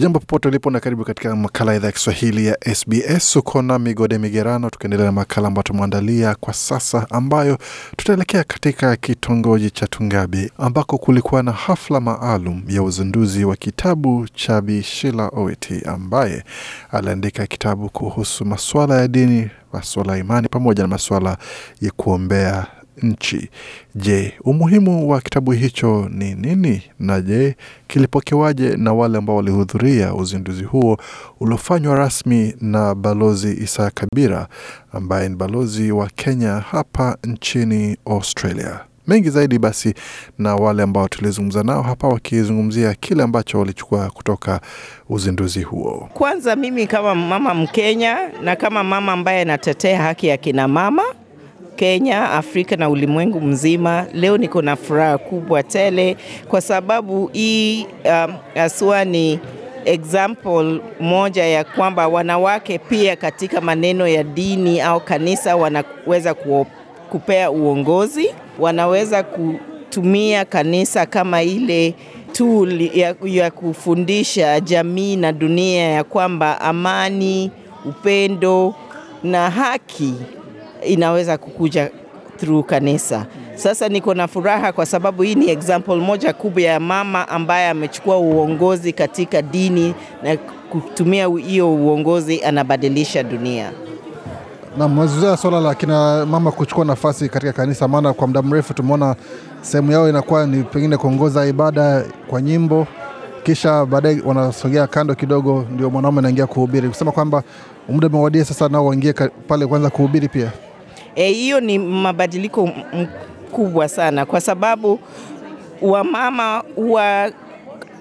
Jambo popote ulipo na karibu katika makala ya idhaa ya Kiswahili ya SBS. Uko na Migode Migerano, tukiendelea na makala ambayo tumeandalia kwa sasa, ambayo tutaelekea katika kitongoji cha Tungabi ambako kulikuwa na hafla maalum ya uzinduzi wa kitabu cha bishila Sheila Owiti ambaye aliandika kitabu kuhusu masuala ya dini, masuala ya imani pamoja na masuala ya kuombea nchi. Je, umuhimu wa kitabu hicho ni nini? Na je, kilipokewaje na wale ambao walihudhuria uzinduzi huo uliofanywa rasmi na Balozi Isa Kabira ambaye ni balozi wa Kenya hapa nchini Australia? mengi zaidi basi na wale ambao tulizungumza nao hapa wakizungumzia kile ambacho walichukua kutoka uzinduzi huo. Kwanza mimi kama mama Mkenya na kama mama ambaye anatetea haki ya kina mama Kenya, Afrika na ulimwengu mzima. Leo niko na furaha kubwa tele kwa sababu hii um, aswa ni example moja ya kwamba wanawake pia katika maneno ya dini au kanisa wanaweza kupea uongozi, wanaweza kutumia kanisa kama ile tool ya, ya kufundisha jamii na dunia ya kwamba amani, upendo na haki inaweza kukuja through kanisa. Sasa niko na furaha kwa sababu hii ni example moja kubwa ya mama ambaye amechukua uongozi katika dini na kutumia hiyo uongozi anabadilisha dunia. Na mmezungumzia swala la kina mama kuchukua nafasi katika kanisa, maana kwa muda mrefu tumeona sehemu yao inakuwa ni pengine kuongoza ibada kwa nyimbo, kisha baadaye wanasogea kando kidogo, ndio mwanaume anaingia kuhubiri, kusema kwamba muda umewadia sasa nao waingie pale kwanza kuhubiri pia. Eh, hiyo e, ni mabadiliko mkubwa sana, kwa sababu wamama wa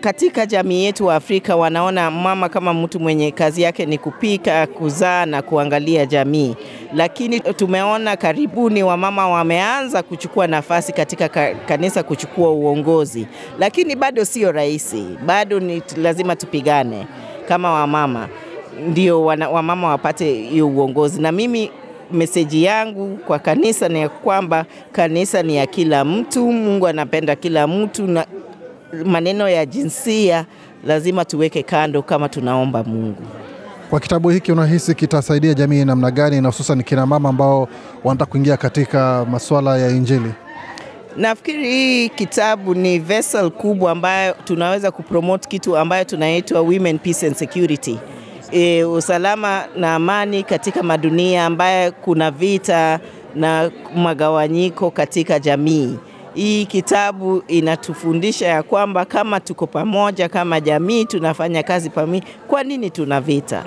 katika jamii yetu wa Afrika wanaona mama kama mtu mwenye kazi yake ni kupika, kuzaa na kuangalia jamii, lakini tumeona karibuni wamama wameanza kuchukua nafasi katika kanisa, kuchukua uongozi, lakini bado sio rahisi, bado ni lazima tupigane kama wamama ndio wamama wapate hiyo uongozi. Na mimi meseji yangu kwa kanisa ni ya kwamba kanisa ni ya kila mtu, Mungu anapenda kila mtu, na maneno ya jinsia lazima tuweke kando kama tunaomba Mungu. Kwa kitabu hiki unahisi kitasaidia jamii namna gani, na hususan kina mama ambao wanataka kuingia katika masuala ya Injili? Nafikiri hii kitabu ni vessel kubwa ambayo tunaweza kupromote kitu ambayo tunaitwa Women Peace and Security e, usalama na amani katika madunia ambayo kuna vita na magawanyiko katika jamii. Hii kitabu inatufundisha ya kwamba kama tuko pamoja, kama jamii tunafanya kazi pamoja, kwa nini tuna vita?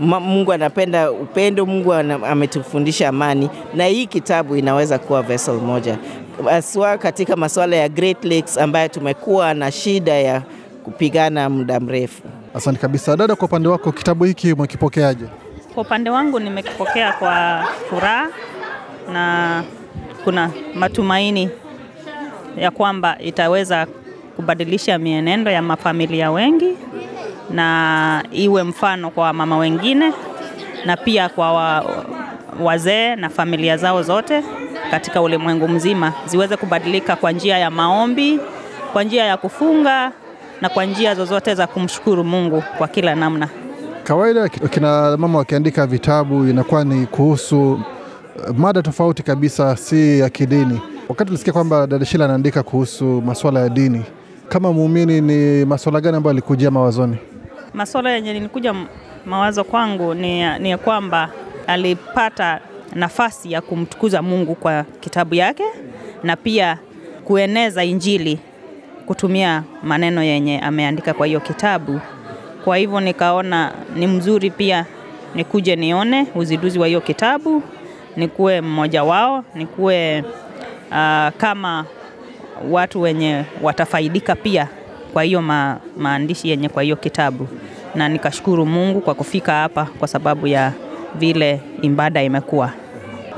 Mungu anapenda upendo, Mungu ametufundisha amani, na hii kitabu inaweza kuwa vessel moja haswa katika masuala ya Great Lakes ambayo tumekuwa na shida ya kupigana muda mrefu. Asante kabisa. Dada, kwa upande wako kitabu hiki umekipokeaje? Kwa upande wangu nimekipokea kwa furaha na kuna matumaini ya kwamba itaweza kubadilisha mienendo ya mafamilia wengi na iwe mfano kwa mama wengine na pia kwa wa, wazee na familia zao zote katika ulimwengu mzima ziweze kubadilika kwa njia ya maombi, kwa njia ya kufunga na kwa njia zozote za kumshukuru Mungu kwa kila namna. Kawaida kina mama wakiandika vitabu inakuwa ni kuhusu eh, mada tofauti kabisa, si ya kidini. Wakati ulisikia kwamba dada Shila anaandika kuhusu masuala ya dini, kama muumini, ni masuala gani ambayo alikujia mawazoni? Masuala yenye nilikuja mawazo kwangu ni, ni kwamba alipata nafasi ya kumtukuza Mungu kwa kitabu yake na pia kueneza Injili kutumia maneno yenye ameandika kwa hiyo kitabu. Kwa hivyo nikaona ni mzuri pia nikuje nione uzinduzi wa hiyo kitabu, nikuwe mmoja wao, nikuwe uh, kama watu wenye watafaidika pia kwa hiyo ma, maandishi yenye kwa hiyo kitabu, na nikashukuru Mungu kwa kufika hapa kwa sababu ya vile imbada imekuwa.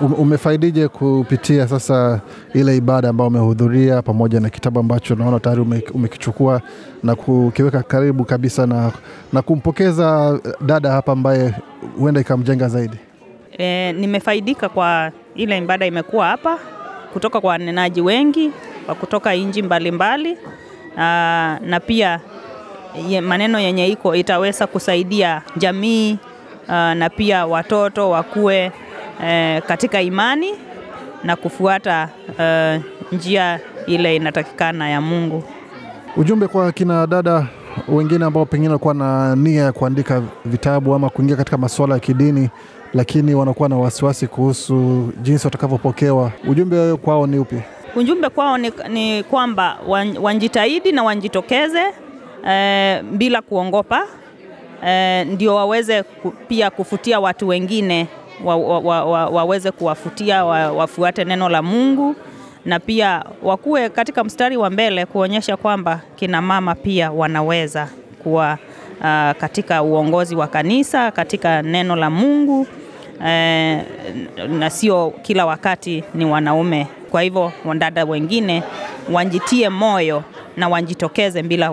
Um-, umefaidije kupitia sasa ile ibada ambayo umehudhuria pamoja na kitabu ambacho naona tayari umekichukua na kukiweka karibu kabisa na, na kumpokeza dada hapa ambaye huenda ikamjenga zaidi? E, nimefaidika kwa ile ibada imekuwa hapa kutoka kwa wanenaji wengi wa kutoka nchi mbalimbali na, na pia ye, maneno yenye iko itaweza kusaidia jamii Uh, na pia watoto wakue eh, katika imani na kufuata eh, njia ile inatakikana ya Mungu. Ujumbe kwa kina dada wengine ambao pengine walikuwa na nia ya kuandika vitabu ama kuingia katika masuala ya kidini, lakini wanakuwa na wasiwasi kuhusu jinsi watakavyopokewa, ujumbe wao kwao ni upi? Ujumbe kwao ni, ni kwamba wanjitahidi na wanjitokeze eh, bila kuongopa eh, ndio waweze ku, pia kufutia watu wengine waweze wa, wa, wa, waweze kuwafutia wa, wafuate neno la Mungu na pia wakuwe katika mstari wa mbele kuonyesha kwamba kina mama pia wanaweza kuwa uh, katika uongozi wa kanisa, katika neno la Mungu eh, na sio kila wakati ni wanaume. Kwa hivyo wadada wengine wanjitie moyo na wanjitokeze bila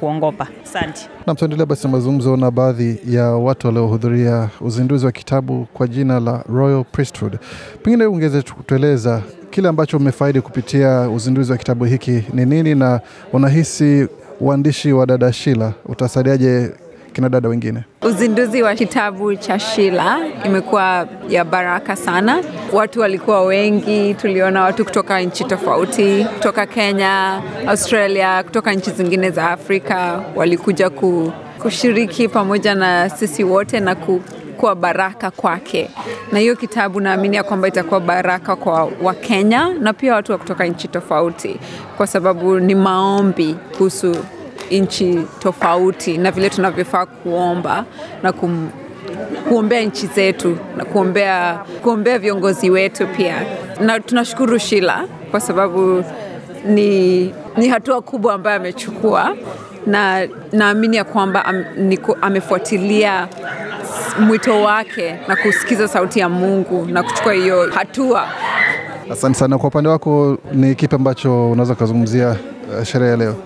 kuongopa. Asante. Nam, tuendelea basi na mazungumzo na baadhi ya watu waliohudhuria uzinduzi wa kitabu kwa jina la Royal Priesthood. Pengine ungeweza kutueleza kile ambacho umefaidi kupitia uzinduzi wa kitabu hiki ni nini, na unahisi uandishi wa dada Shila utasaidiaje kina dada wengine. Uzinduzi wa kitabu cha Shila imekuwa ya baraka sana. Watu walikuwa wengi, tuliona watu kutoka nchi tofauti, kutoka Kenya, Australia, kutoka nchi zingine za Afrika walikuja ku, kushiriki pamoja na sisi wote na ku, kuwa baraka kwake, na hiyo kitabu naamini ya kwamba itakuwa baraka kwa Wakenya na pia watu wa kutoka nchi tofauti, kwa sababu ni maombi kuhusu nchi tofauti na vile tunavyofaa kuomba na kum, kuombea nchi zetu na kuombea, kuombea viongozi wetu pia, na tunashukuru Shila kwa sababu ni, ni hatua kubwa ambayo amechukua na naamini ya kwamba am, ku, amefuatilia mwito wake na kusikiza sauti ya Mungu na kuchukua hiyo hatua. Asante sana. Kwa upande wako, ni kipi ambacho unaweza ukazungumzia uh, eh, sherehe ya leo?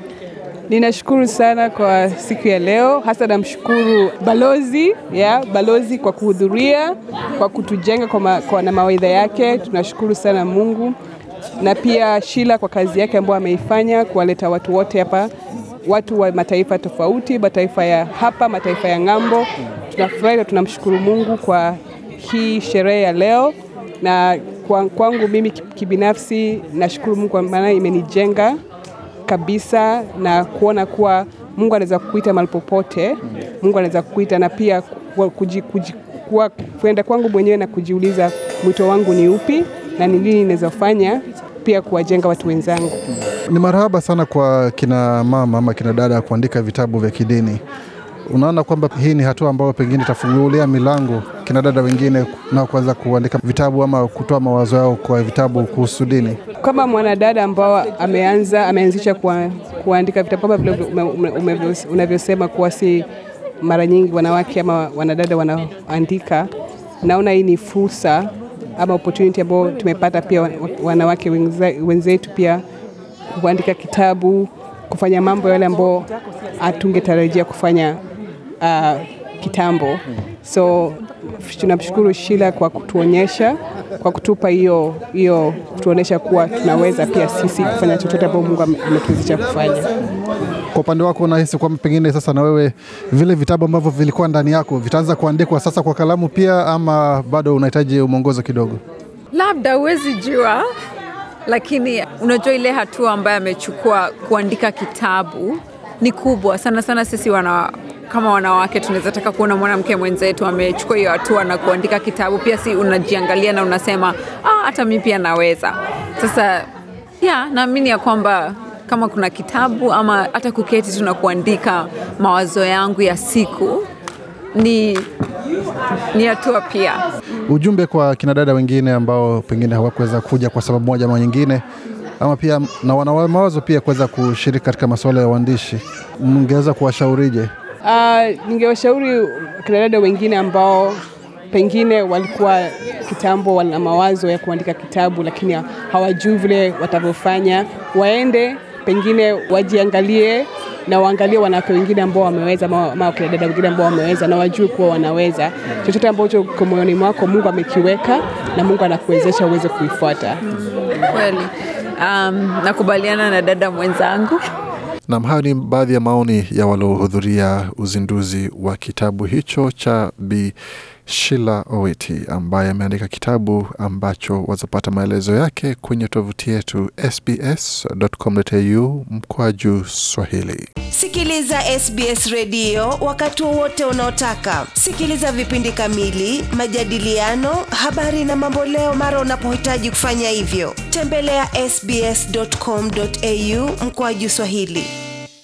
Ninashukuru sana kwa siku ya leo, hasa namshukuru balozi ya balozi kwa kuhudhuria, kwa kutujenga kwa, ma, kwa na mawaidha yake. Tunashukuru sana Mungu na pia Shila kwa kazi yake ambayo ameifanya kuwaleta watu wote hapa, watu wa mataifa tofauti, mataifa ya hapa, mataifa ya ng'ambo. Tunafurahi na tunamshukuru Mungu kwa hii sherehe ya leo na kwangu mimi kibinafsi nashukuru Mungu kwa maana imenijenga kabisa na kuona kuwa Mungu anaweza kukuita mahali popote. Mungu anaweza kukuita na pia kuji, kuji, kuwa, kuenda kwangu mwenyewe na kujiuliza mwito wangu ni upi na ni nini naweza fanya pia kuwajenga watu wenzangu. Ni marahaba sana kwa kina mama ama kina dada kuandika vitabu vya kidini unaona kwamba hii ni hatua ambayo pengine itafungulia milango kina dada wengine nao kuanza kuandika vitabu ama kutoa mawazo yao kwa vitabu kuhusu dini. Kama mwanadada ambao ameanza ameanzisha kuwa, kuandika vitabu kama vile unavyosema kuwa si mara nyingi wanawake ama wanadada wanaandika, naona hii ni fursa ama opportunity ambayo tumepata pia wanawake wenzetu pia kuandika kitabu, kufanya mambo yale ambayo hatungetarajia kufanya uh, kitambo. So tunamshukuru Shila kwa kutuonyesha, kwa kutupa hiyo hiyo, kutuonyesha kuwa tunaweza pia sisi kufanya chochote ambayo Mungu ametuwezesha kufanya. Kwa upande wako, unahisi kwamba pengine sasa na wewe vile vitabu ambavyo vilikuwa ndani yako vitaanza kuandikwa sasa kwa kalamu pia, ama bado unahitaji mwongozo kidogo? Labda huwezi jua, lakini unajua ile hatua ambayo amechukua kuandika kitabu ni kubwa sana sana. Sisi wana kama wanawake tunaweza taka kuona mwanamke mwenzetu amechukua hiyo hatua na kuandika kitabu, pia si unajiangalia na unasema ah, hata mi pia naweza. Sasa ya naamini ya kwamba kama kuna kitabu ama hata kuketi tuna kuandika mawazo yangu ya siku ni ni hatua pia. Ujumbe kwa kinadada wengine ambao pengine hawakuweza kuja kwa sababu moja ama nyingine, ama pia na wana mawazo pia kuweza kushiriki katika masuala ya uandishi, mngeweza kuwashaurije? Uh, ningewashauri kinadada wengine ambao pengine walikuwa kitambo wana mawazo ya kuandika kitabu lakini hawajui vile watavyofanya, waende pengine wajiangalie na waangalie wanawake wengine ambao wameweza ama kina dada wengine ambao wameweza, na wajui kuwa wanaweza chochote ambacho kwa moyoni mwako Mungu amekiweka, na Mungu anakuwezesha uweze kuifuata kweli. Um, nakubaliana na dada mwenzangu. Nam, hayo ni baadhi ya maoni ya waliohudhuria uzinduzi wa kitabu hicho cha Bi shila Owiti ambaye ameandika kitabu ambacho wazapata maelezo yake kwenye tovuti yetu sbs.com.au mkwaju Swahili. Sikiliza SBS redio wakati wowote unaotaka. Sikiliza vipindi kamili, majadiliano, habari na mambo leo mara unapohitaji kufanya hivyo. Tembelea sbs.com.au mkwaju Swahili.